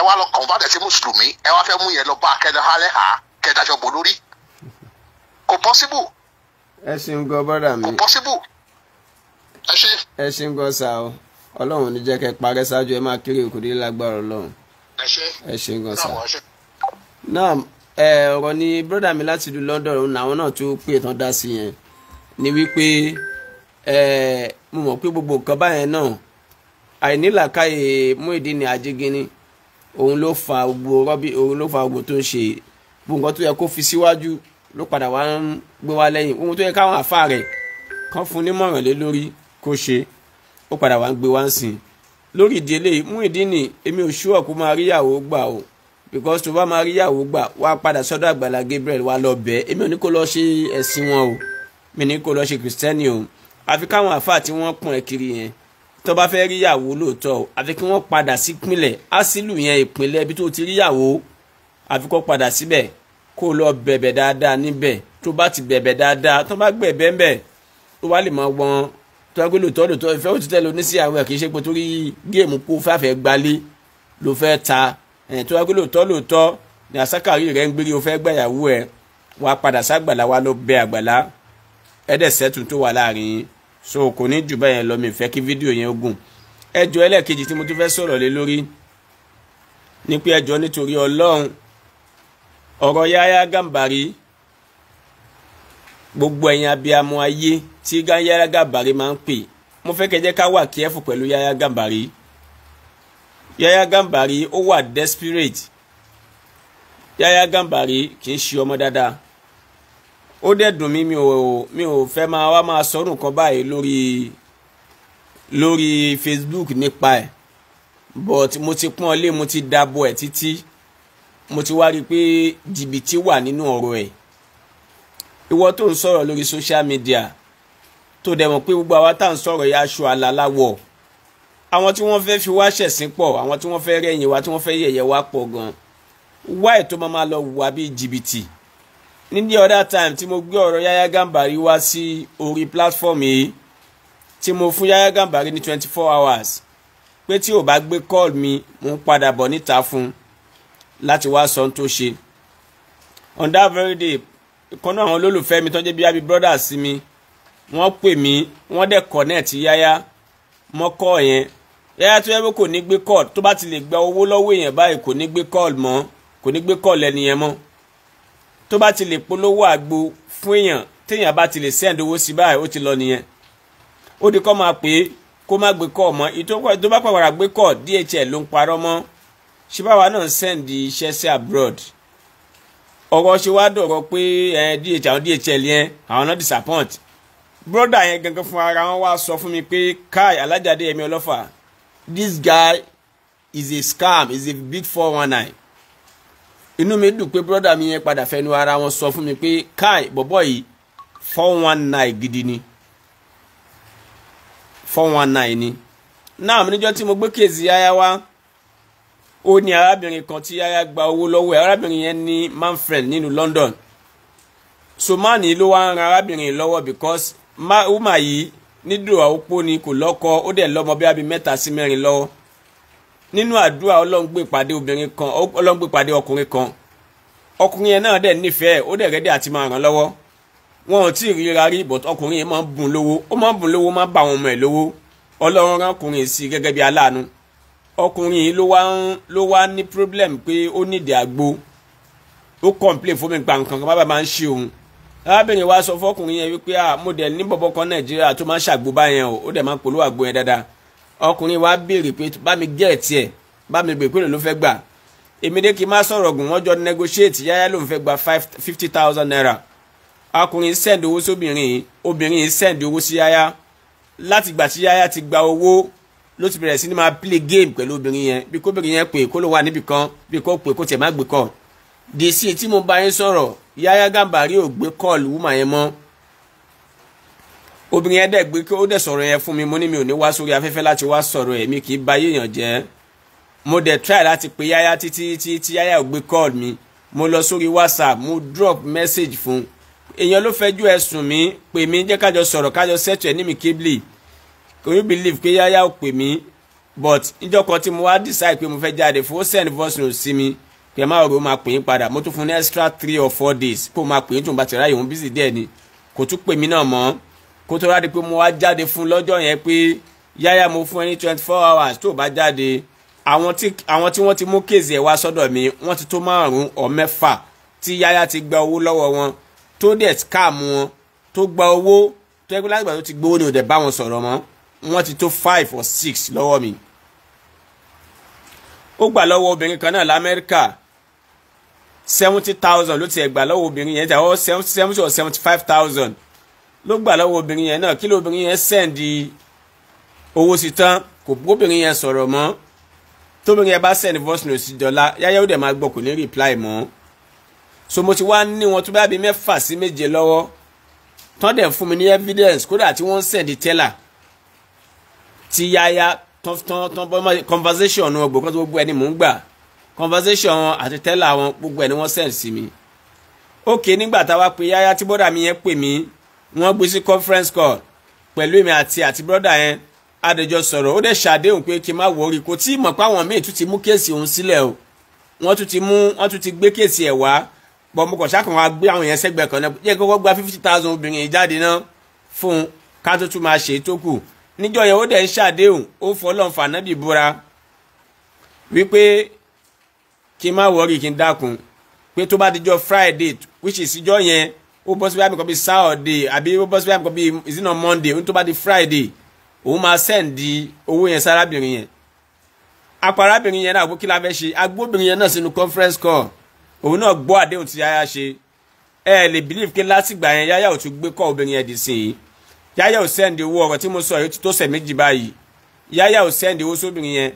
ẹ wá lọ kàn fàdé sí mùsùlùmí ẹ wá fẹ́ mú yẹn lọ bá akẹ́dá halẹ́ ha kẹ́dájọ́ bò lórí kò pọ́síbù. ẹ ṣeun gan bọ́dà mi kò pọ́síbù ẹ ṣe. ẹ ṣeun gan sa ọlọ́run ní jẹ́ kẹ́ parẹ́ ṣáájú ẹ máa kéré òkúdé lágbára ọlọ́run ẹ ṣe gan sa náà ẹ ọ̀rọ̀ ni broda mi láti ìlú London òun làwọn náà tún pè tán dá sí yẹn ni wípé ẹ mo mọ̀ pé gbogbo nǹkan báyẹn náà àìnílàkàyè Muyideen Ajigini òun ló fa gbogbo rọ́bì òun ló fa gbogbo tó ń ṣe gbogbo nǹkan tó yẹ kó fi síwájú ló padà wá ń gbé wá lẹ́yìn ohun tó yẹ káwọn àfa rẹ̀ kán fún nímọ̀ràn lé lórí kó ṣe ó padà wá ń gbé wá ń sìn lórí ìdílé Muyideen èmi ò ṣú ọ̀kú máa ríyàwó gbà o because tó bá máa ríyàwó gbà wá padà sọ́dọ̀ àgbàlá Gabriel wá lọ bẹ́ẹ̀ èmi ò ní kó lọ ṣe ẹ̀sìn wọn o mi ní kó lọ ṣe kìrìsìtẹ́nì o àfi káwọn àfáà tí wọ́n pọ̀n ẹ̀ kiri yẹn tó bá fẹ́ ríyàwó lóòótọ́ o àfi kí wọ́n padà sí ìpínlẹ̀ asílù yẹn ìpínlẹ̀ ibi tó ti ríyàwó àfi kó padà síbẹ̀ kó lọ bẹ̀bẹ̀ dáadáa níbẹ̀ tó bá ti bẹ̀bẹ̀ dáadáa tó bá gbẹ̀bẹ̀ ńbẹ̀ tó wá lè máa wọn tó wá pé lóòótọ́ lóòótọ́ ìfẹ́ òtítọ́ ló ní sí àwọn ẹ̀ kì í ṣe pé torí géèmù kó fàfẹ́ gbalé ló fẹ́ ta tó wá pé lóòótọ́ lóòótọ́ ní àsákàrí rẹ̀ ń gbérí o fẹ́ gbàyàwó ẹ̀ wá padà ságbàlá wa ló bẹ àgbàlá ẹ̀ẹ́dẹ̀sẹ̀ tún tó wà láàrin yín so kò ní jù bẹ́ẹ̀ yẹn lọ mi fẹ́ kí fídíò yẹn gùn ẹjọ́ ẹlẹ́ẹ̀kejì tí mo tún fẹ́ sọ̀rọ̀ lé lórí ni pé ẹjọ́ nítorí ọlọ́run ọ̀rọ̀ Yahaya Gambari gbogbo ẹ̀yin abiyamọ ayé tí Yahya Gàbàrí máa ń pè mo fẹ́ kẹjẹ́ ká wà kíẹ́fù pẹ̀lú Yahya Gàbàrí Yahya Gàbàrí ó wà desperate Yahya Gàbàrí kì í ṣe ọmọ dáadáa ó dẹ̀ dùn mí mi ò mi ò fẹ́ máa wá máa sọ̀rọ̀ kan báyìí lórí lórí Facebook nípa ẹ̀ but mo ti pọ́n ọ lé mo ti dabo ẹ̀ títí mo ti wá rí i pé jìbìtì wà nínú ọ̀rọ̀ ẹ̀ ìwọ tó ń sọ̀rọ̀ lórí social media tó dẹ̀ mọ̀ pé gbogbo àwa tá à ń sọ̀rọ̀ yá aṣọ àlàláwọ̀ àwọn tí wọ́n fẹ́ fi wá ṣẹ̀sín pọ̀ àwọn tí wọ́n fẹ́ rẹ̀yìn wa tí wọ́n fẹ́ yẹ̀yẹ́ wa pọ̀ gan wá ètò máa máa lọ wà bíi jìbìtì ní the other time tí mo gbé ọ̀rọ̀ Yahya Gambari wá sí orí platform yìí tí mo fún Yahya Gambari ní twenty four hours pé tí ò bá gbé call mi mo ń padà bọ̀ níta fún un láti wá sọ ohun tó ṣe on that very day kan náà àwọn olólùfẹ́ mi tó ń jẹ́ bí abi brother sí mi wọ́n pè mí wọ́n dẹ̀ connect yáyá mo, call yẹn yáyá tó yẹ pé kò ní gbé call tó bá ti lè gba owó lọ́wọ́ èèyàn báyìí kò ní gbé call mọ́ kò ní gbé call ẹni yẹn mọ́ tó ti lè polówó àgbo fún èèyàn téèyàn bá ti lè send owó sí báyìí ó ti lọ nìyẹn ó di kọ́ máa pè é kó má gbé call mọ́ ìtòkọ́ bá pàwọ́rà gbé call DHL ló ń parọ́ mọ́ ṣé báwa send iṣẹ́ sí abroad ọ̀rọ̀ ṣe wá dọ̀rọ̀ pé dh àwọn dhl yẹn àwọn náà disappoint broda yẹn gangan fún ara wọn wá sọ fún mi pé kai alájáde ẹ̀mí ọlọ́fà this guy is a scam is a big four one nine inú mi dùn pé broda mi yẹn padà fẹnu ara wọn sọ fún mi pé kai bọ̀bọ̀ yìí four one nine gidi ni four one nine ni náà níjọ́ tí mo gbé kéèzì yáyá wá ó ní arábìnrin kan tí yáyá gba owó lọ́wọ́ ẹ̀ arábìnrin yẹn ní manfred nínú London somani ló wá ń ran arábìnrin lọ́wọ́ because uma yìí nídùúrà opó ni kò lọ́kọ ó dẹ̀ lọ́mọ bí abí mẹ́ta sí mẹ́rin lọ́wọ́ nínú àdúrà ọlọ́ngbè pàdé obìnrin kan ọlọ́ngbè pàdé ọkùnrin kan ọkùnrin yẹn náà dẹ̀ nífẹ̀ẹ́ ó dẹ̀ rẹ́dẹ̀ àti máa ràn lọ́wọ́ wọn ò tí ì ríra rí but ọkùnrin yẹn máa ń bùn lówó ó máa ń bùn lówó máa ń bá àwọn ọmọ ẹ̀ lówó ọlọ́run rán ọkùnrin sí gẹ́gẹ́ bí aláàánú ọkùnrin yìí ló wá ń ló wá ní problem pé ó nídìí àgbo ó complain fún mi gba nǹkan kan bábà máa ń ṣe òun arábìnrin wa sọ fọkùnrin yẹn wípé à mo dẹ̀ ní bọ̀bọ̀ kan nàìjíríà tó máa ń ṣàgbo báyẹn o ó dẹ̀ máa ń polówó àgbo yẹn dáadáa ọkùnrin wa béèrè pé bá mi gẹ̀ tiẹ̀ bá mi béèrè pé ló fẹ́ gbà èmi dé kí n má sọ̀rọ̀ gùn wọ́n jọ negotiate yáyá ló ń fẹ́ gba fifty thousand naira ọkùnrin send owó sóbìnrin obìnrin send owó sí yáyá látìgbà tí yáyá ti gba owó ló ti bẹ̀rẹ̀ sí ni máa play game pẹ̀lú obìnrin yẹn bí kóbìnrin yẹn pè kó ló wà níbì kan bí kò pè kó tiẹ̀ má gbé kọ́ dèsí tí mo bá yín sọ̀rọ̀ Yahya Gambari ò gbé kọ́ọ̀lù wúmà yẹn mọ́ obìnrin yẹn dẹ̀ gbé kí ó dẹ̀ sọ̀rọ̀ yẹn fún mi mo ní mi ò ní wá sórí afẹ́fẹ́ láti wá sọ̀rọ̀ ẹ̀ mi kì í ba yéèyàn jẹ́ mo dẹ̀ try láti pe Yahya títí títí tí Yahya ò gbé kọ́ọ̀lù mi mo lọ sórí WhatsApp mo drop message fún èèyàn ló fẹjọ́ ẹ̀sùn mi pè mí jẹ́ kájọ sọ̀rọ̀ kájọ sẹ́tù ẹ̀ ní mi kébìlì can you believe pé yáyá ò pè mí but níjọ́ kan tí mo wá decide pé mo fẹ́ jáde fún send voice note sí mi pé má rò ó máa pè yín padà mo tún fún ní extra three or four days pé ó máa pè yín tó ń bá ti ráyè òun busy díẹ̀ ni kò tún pè mí náà mọ́ kó tó rádi pé mo wá jáde fún lọ́jọ́ yẹn pé yáyá mo fún ẹ twenty four hours tó bá jáde àwọn tí wọ́n ti mú kéèzì ẹ̀ wá sọ́dọ̀ mi wọ́n ti tó márùn-ún ọ̀ mẹ́fà tí yáyá ti gba owó lọ́wọ́ wọn tó dẹ̀ scam wọn tó gba owó tó ẹgbẹ́ lágbàdo ti gbowó ni ò dẹ̀ bá wọn sọ̀rọ̀ mọ́ wọ́n ti tó five or six lọ́wọ́ mi ó gbà lọ́wọ́ obìnrin kan náà lamẹ́ríkà seventy thousand ló ti ẹ̀ gbà lọ́wọ́ obìnrin yẹn tàwọn seventy or seventy five thousand ló gbà lọ́wọ́ obìnrin yẹn náà kí ló obìnrin yẹn sẹ́ǹdì owó sí tán kò bóbìnrin yẹn sọ̀rọ̀ mọ́ tóbìnrin yẹn bá sẹ́ǹdì voice note sí dọ́là yáyá ó dẹ̀ máa gbọ́ kò ní reply mọ́ so mo ti wá ní wọn tó bá bí mẹ́fà sí méje lọ́wọ́ tán dẹ̀ fún mi ní evidence kódà tí wọ́n ń sẹ́ǹdì tẹ́là ti yáyá conversation wọn gbogbo kan tó gbogbo ẹni mò ń gbà conversation wọn àti tẹ́lá wọn gbogbo ẹni wọ́n send sí mi ókè nígbà táwa pé yáyá tí bọ́dà mi yẹn pè mí wọ́n gbé sí conference call pẹ̀lú èmi àti àti bọ́dà yẹn adẹjọ sọ̀rọ̀ ó dẹ̀ ṣàdéhùn pé kí n má wọrí kò tí ì mọ̀ pé àwọn míì tún ti mú kéèsì òun sílẹ̀ o wọ́n tún ti mú wọ́n tún ti gbé kéèsì ẹ̀ wá bọ̀ mo kàn ṣàkàn wá gbé àwọn yẹn sẹ́gbẹ̀ẹ́ kan náà yẹ kókó gba fifty thousand obìnrin jáde náà fún ká tó tún máa ṣe é tó kù níjọ́ yẹn ó dẹ̀ ń ṣàdéhùn ó fọlọ́n fànábì búra wípé kí n má wọrí kí n dákun pé tó bá dijọ́ friday which is ijọ́ yẹn ó bọ́ sí bí àbíkọ́ bí saturday àbí ó bọ́ sí bí àbíkọ́ bí ìsìnà monday tó bá di friday òun máa sẹ́ǹdì owó yẹn sárábìnrin yẹn apárábìnrin yẹn náà àgbo kí la fẹ́ ṣe agbóbìnrin yẹn náà sínú conference call òun náà gbọ́ àdéhùn tí yáyá ṣe ẹ lè believe pé lásìgbà yẹn yáyá ò tún gbé kọ́ obìnrin yẹn dì sí i yáyà ò sẹ́ǹdì owó ọ̀rọ̀ tí mo sọ yìí tó sẹ̀ méjì báyìí yáyà ò sẹ́ǹdì owó sóbìnrin yẹn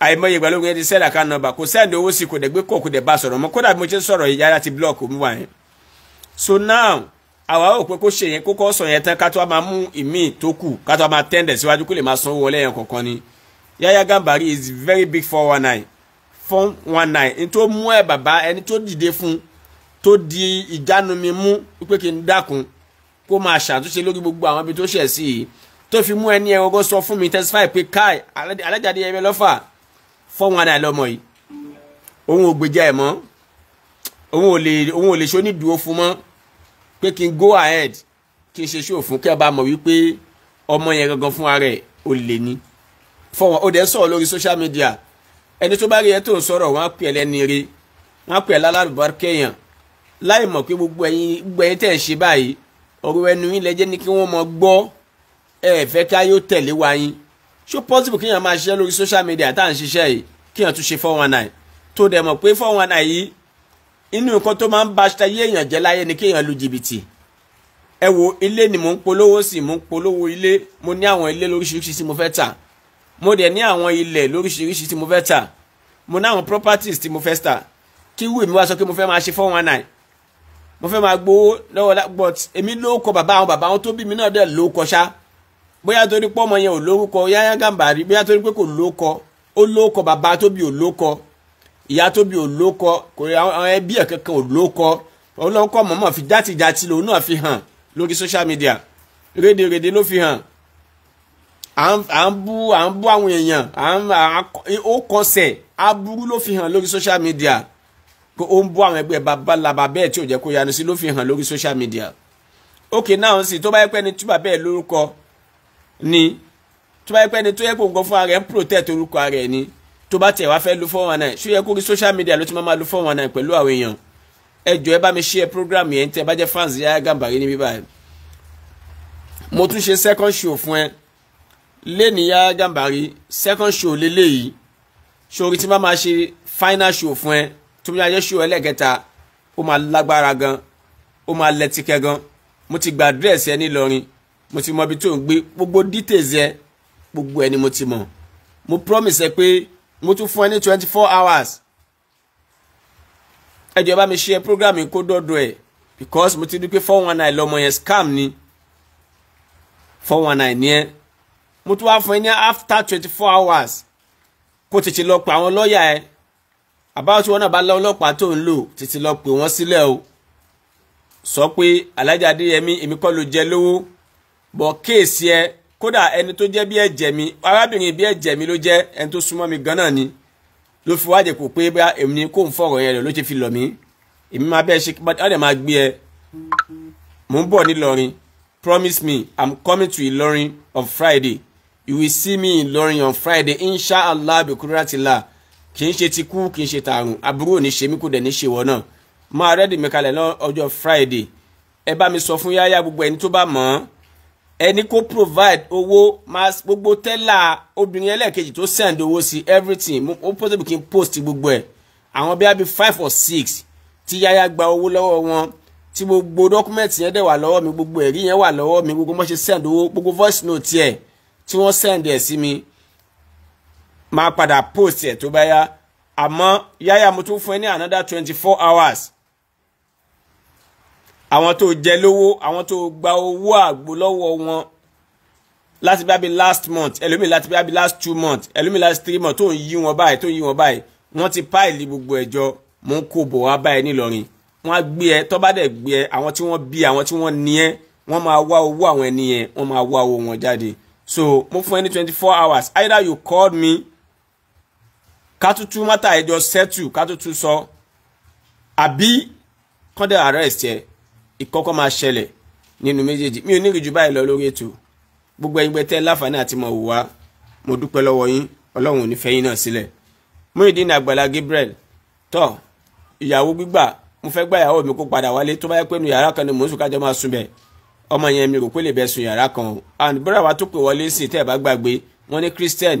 àìmọye ìgbà yẹn ti sẹ́ǹdì àká nọ́mbà kò sẹ́ǹdì owó sí kò dẹ̀ gbé kò kò dẹ̀ bá sọ̀rọ̀ mọ́ kódà bí mo ṣe sọ̀rọ̀ yìí yáyà ti blọ́ọ̀kì mi wà yẹn so now àwa ò pé kó ṣe yẹn kó kọ́ sọ yẹn tán ká tó a máa mú ìmíì tó kù ká tó a máa tẹ́ndẹ̀ síwájú kó lè máa sanwó wọlé yẹn kọ̀ọ̀kan ni Yahya Gambari is very big four one nine four one nine ẹni tó mú ẹ bàbá ẹni tó dìde fún tó di ìjánu mi mú wípé kí n dákun kó máa ṣàtúnṣe lórí gbogbo àwọn ibi tó ṣẹ̀ sí i tó fi mú ẹni ẹ̀rọ sọ fún mi testify pé káì alájáde ẹ̀rẹ́ lọ́fà fọ́wọn àdá lọ́mọ yìí òun ò gbèjà ẹ̀ mọ́ òun ò lè òun ò lè ṣó nídùú fún mọ́ pé kí n go ahead kí n ṣe ṣó fún kí ẹ bá mọ̀ wípé ọmọ yẹn gangan fún ara ẹ̀ ò lè ní fọwọn ó dẹ̀ sọ̀rọ̀ lórí social media ẹni tó bá rí ẹ tó ń sọ̀rọ̀ wọn á pè ẹ lẹ́ni rí wọn á pè ẹ lálàbàkẹ́yàn láì mọ̀ pé gbogbo ẹ̀yin gbogbo ẹ̀yin tẹ̀ ń ṣe báyìí ọ̀rọ̀ ẹnu yín lẹ́jẹ́ ní kí wọ́n mọ gbọ́ ẹ fẹ́ ká yóò tẹ̀lé wa yín ṣó possible kéèyàn máa ṣiṣẹ́ lórí social media tá à ń ṣiṣẹ́ yìí kéèyàn tún ṣe four one nine tó dẹ̀ mọ̀ pé four yìí inú nǹkan tó máa ń ba ayé èèyàn jẹ́ láyé ni kéèyàn lu jìbìtì ẹ wo ilé ni mò ń polówó sí mò ń polówó ilé mo ní àwọn ilé lóríṣiríṣi tí mo fẹ́ tà mo dẹ̀ ní àwọn ilẹ̀ lóríṣiríṣi tí mo fẹ́ tà mo ní àwọn properties tí mo fẹ́ tà kí wù mí wá sọ pé mo fẹ́ máa ṣe four wọ́n fẹ́ máa gbowó lọ́wọ́ but èmi lóko bàbá àwọn bàbá àwọn tó bí mi náà dẹ̀ lóko Boya bóyá torí pé ọmọ yẹn ò lórúkọ Yahya Gambari bóyá torí pé kò lóko ó lóko bàbá tó bí ò lóko ìyá tó bí ò lóko kò rí àwọn ẹbí ẹ̀ kankan ò lóko ọlọ́kọ̀ mọ̀mọ́ fi játijàti lòun náà fi hàn lórí social media rédèrèdè ló fi hàn à ń bú à ń bú àwọn èèyàn à ń ó kọsẹ̀ aburú ló fi hàn lórí social media pé ó ń bọ́ àwọn ẹgbẹ́ babalaba bẹ́ẹ̀ tí ò jẹ́ kó yanu sí ló fi hàn lórí social media ok náà sì tó bá yẹ pé ẹni tí bàbá ẹ lórúkọ ni tó bá yẹ pé ẹni tó yẹ kó nǹkan fún ara ẹ ń protect orúkọ ara ẹ ni tó bá tẹ̀ wá fẹ́ lu 419 ṣó yẹ kó rí social media ló ti máa lu 419 pẹ̀lú àwọn èèyàn ẹ jọ ẹ bá mi share program yẹn tẹ ẹ bá jẹ́ fans Yahya Gambari ní bíbá mo tún ṣe second show fún ẹ lẹ́ni Yahya Gambari second show lélẹ́yìí ṣòrí tí bá máa ṣe final show fún ẹ tó bí ajẹ́ ṣó ẹlẹ́kẹta ó máa lágbára gan ó máa lẹ́tíkẹ́ gan mo ti gba àdírẹ́sì ẹ nílọrin mo ti mọ ibi tó ń gbé gbogbo details ẹ gbogbo ẹ ni mo ti mọ mo promise ẹ pé mo tún fún ẹ ní twenty four hours ẹ jọ̀ọ́ bá mi ṣe program kó dọ́dọ̀ ẹ because mo ti rí pé four one nine lọmọ yẹn scam ni four one nine ni ẹ mo tún wá fún ẹ ní after twenty four hours kó tètè lọ pa àwọn lọ́ọ̀yà ẹ àbáwọ̀tí wọn náà bá lọ́wọ́ ọlọ́pàá tó ń lò títí lọ pè wọ́n sílẹ̀ o sọ pé alájà adéyẹmí èmi kọ́ ló jẹ lówó bọ̀ kéèsì ẹ kódà ẹni tó jẹ́ bí ẹ̀jẹ̀ mi arábìnrin bí ẹ̀jẹ̀ mi ló jẹ́ ẹni tó súnmọ́ mi gan ni ló fi wájẹ kó pé bá èmi ni kó ń fọ̀rọ̀ yẹn lọ ló ṣe fi lọ̀ mí èmi máa bẹ́ẹ̀ ṣe ọ́ dẹ̀ máa gbé ẹ mò ń bọ̀ nílọrin promise me i'm coming to Ìlọrin on Friday you will see me in Ìlọrin on Friday inshallah bikuratila kì í ṣe ti kú kì í ṣe tààrùn aburú ò ní ṣe mí kò dẹ̀ ní ṣe wọ náà máa rẹ́dì mi kalẹ̀ lọ́n ọjọ́ friday ẹ bá mi sọ fún yáyá gbogbo ẹni tó bá mọ̀ ọ́n ẹni kó provide owó máa gbogbo tẹ́lá obìnrin ẹlẹ́ẹ̀kejì tó send owó sí everything ó possible kí n post gbogbo ẹ̀ àwọn bí abi five or six tí yáyá gba owó lọ́wọ́ wọn tí gbogbo document yẹn dẹ̀ wà lọ́wọ́ mi gbogbo ẹ̀rí yẹn wà lọ́wọ́ mi gbogbo mo ṣe send owó gbogbo voice note yẹ Ti wọ́n send ẹ̀ sí mi máa padà post ẹ̀ tó bá yá àmọ́ yáyà mo tún fún ẹ ní another twenty four hours àwọn tó jẹ lówó àwọn tó gba owó àgbo lọ́wọ́ wọn láti bí abi last month ẹlòmíì láti bí abi last two months ẹlòmíì láti three months tó ń yí wọn báyìí tó ń yí wọn báyìí wọ́n ti páìlì gbogbo ẹ̀jọ́ mò ń kó bọ̀ wá báyìí nílọrin wọ́n á gbé ẹ tó bá dẹ̀ gbé ẹ àwọn tí wọ́n bí àwọn tí wọ́n ní ẹ wọ́n máa wá owó àwọn ẹni yẹn wọ́n máa wá owó wọn jáde so mo fún ẹ ní twenty four hours either you call me kátútú mátà ẹjọ́ sẹ́tù kátútú sọ àbí kọ́ndẹ̀ arrest ẹ ìkọ́kọ́ máa ṣẹlẹ̀ nínú méjèèjì mi ò ní ìrìjú báyìí lọ lórí ètò gbogbo ẹgbẹ́ tẹ́ láǹfààní àti mọ̀ wá mo dúpẹ́ lọ́wọ́ yín ọlọ́run ò ní fẹ́ yín náà sílẹ̀ Muyideen Àgbàlá Gabriel tó ìyàwó gbígbà mo fẹ́ gbà ìyàwó mi kó padà wálé tó bá yẹ pé nu yàrá kan ni mò ń sùn kájọ máa sùn bẹ̀ ọmọ yẹn mi rò pé lè bẹ sùn yàrá kan and brother wa tó pè wọlé sí tẹ́ ẹ̀ bá gbàgbé wọ́n Christian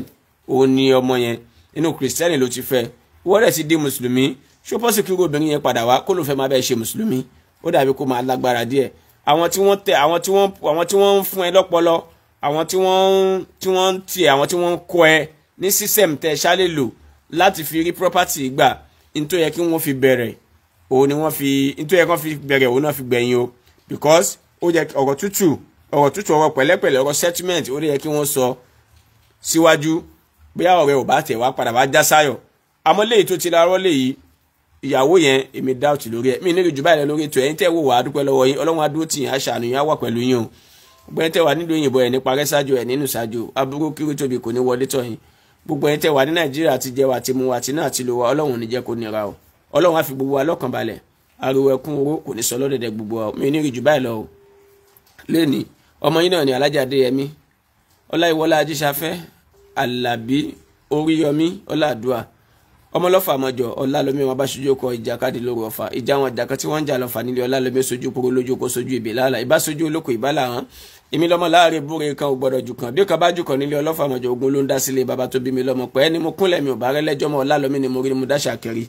o ni ọmọ yẹn inú kìrìsìtẹ́nì ló ti fẹ́ wọ́n rẹ̀ ti di mùsùlùmí ṣó pọ́sì kí obìnrin yẹn padà wá kó ló fẹ́ máa bẹ́ẹ̀ ṣe mùsùlùmí ó dàbí kó máa lágbára díẹ̀ àwọn tí wọ́n tẹ àwọn tí wọ́n àwọn tí wọ́n ń fún ẹ lọ́pọlọ àwọn tí wọ́n ń tí wọ́n ń tiẹ̀ àwọn tí wọ́n ń kọ́ ẹ ní sísẹ̀m tẹ ṣálẹ̀ lò láti fi rí property gbà nítorí yẹ kí wọ́n fi bẹ̀rẹ̀ òun ni wọ́n fi nítorí yẹ kí wọ́n fi bẹ̀rẹ̀ òun náà fi gbẹ̀yìn o because ó yẹ ọ̀rọ̀ tútù ọ̀rọ̀ tútù ọ̀rọ̀ pẹ̀lẹ́pẹ̀lẹ́ ọ̀rọ̀ settlement ó yẹ kí wọ́n sọ síwájú bóyá ọ̀rẹ́ ò bá tẹ̀ wá padà wá já sáyọ̀ àmọ́ léyìí tó ti la rọ́ léyìí ìyàwó yẹn èmi doubt lórí ẹ̀ mí nílò jù báyìí lórí ètò ẹ̀yin tẹ́ wò wá dúpẹ́ lọ́wọ́ yín ọlọ́run adúró tì yín àṣà àníyàn wà pẹ̀lú yín o gbogbo ẹ̀yin tẹ́ wà nílùú òyìnbó ẹ̀ nípa rẹ́sájú ẹ̀ nínú ṣáájú aburú kiri tóbi kò ní wọlé tọ̀ yín gbogbo ẹ̀yin tẹ́ wà ní nàìjíríà ti jẹ́ wa ti mu wa ti náà ti lò wa ọlọ́run ní jẹ́ kó nira o ọlọ́run á fi gbogbo wa lọ́kàn balẹ̀ ariwo ẹkún alábí oríyọmí ọládùá ọmọlọ́fà àmọ́jọ ọlálọ́mí wọn bá ṣojú ọkọ̀ ìjàkadì lóru ọ̀fà ìjà wọn ìjàkà tí wọ́n ń jà lọ́fà nílé ọlálọ́mí sojú poro lójú oko sojú ìbè lálà ìbá sojú olóko ìbá làwọn èmi lọ́mọ láàrin búre kan ò gbọ́dọ̀ jù kan bí kan bá jù kan nílé ọlọ́fà àmọ́jọ ogun ló ń dá sílé bàbá tó bí mi lọ́mọ pẹ́ ni mo kúnlẹ̀ mi ò bá rẹ́ lẹ́jọ́ mọ́ ni mo rí ni mo dáṣà kiri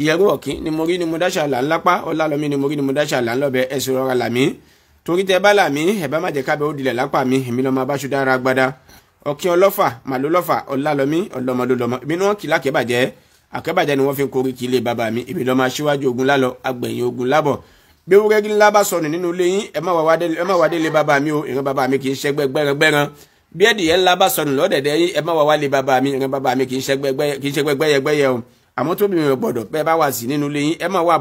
ìyẹ̀rú ọ̀kín ni mo rí ni mo dáṣà là ńlápá ni mo ni mo dáṣà là ńlọ́bẹ ẹ̀sùn rọra làmí torí tẹ bá làmí ẹ̀ mi èmi lọ́mọ abáṣúdára ọ̀kín ọlọ́fà màlú lọ́fà ọ̀làlọ́mí ọ̀lọ́mọdọ́lọ́mọ èmi ni wọ́n kì lákẹ́bàjẹ́ àkẹ́bàjẹ́ ni wọ́n fi korí kí ilé bàbá mi èmi lọ́mọ aṣíwájú ogun lálọ agbẹ̀yìn ogun lábọ̀ bí wúrẹ́gí ńlá bá sọnù nínú ilé yín ẹ má wá délé bàbá mi o ìran bàbá mi kì í ṣẹgbẹ́ gbẹ́rẹ́gbẹ́rán bí ẹ̀dìyẹ ńlá bá sọnù lọ́dẹ̀dẹ̀ yín ẹ má wá wá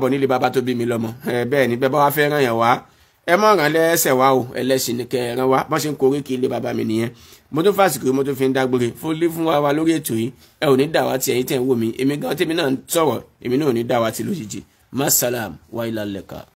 bọ̀ bàbá mi lọ́mọ ẹ mọ̀ ràn lẹ́sẹ̀ wá o ẹlẹ́sìn ni kẹ́ ẹ ràn wá bọ́n ṣe ń korí kí ilé bàbá mi nìyẹn mo tún fàsìkò mo tún fi ń dágbére fún lé fún wa lórí ètò yìí ẹ ò ní dà wá ti ẹ̀yin tẹ̀ ń wò mí èmi gan tèmi náà ń sọ̀rọ̀ èmi náà ò ní dà wá ti lójijì masalam wa ilà lẹ́ka.